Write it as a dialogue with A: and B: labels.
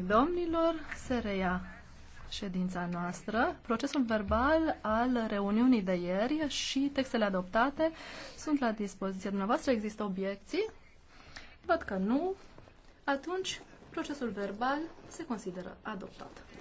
A: domnilor, se reia ședința noastră. Procesul verbal al reuniunii de ieri și textele adoptate sunt la dispoziția dumneavoastră. Există obiecții? Văd că nu. Atunci, procesul verbal
B: se consideră adoptat.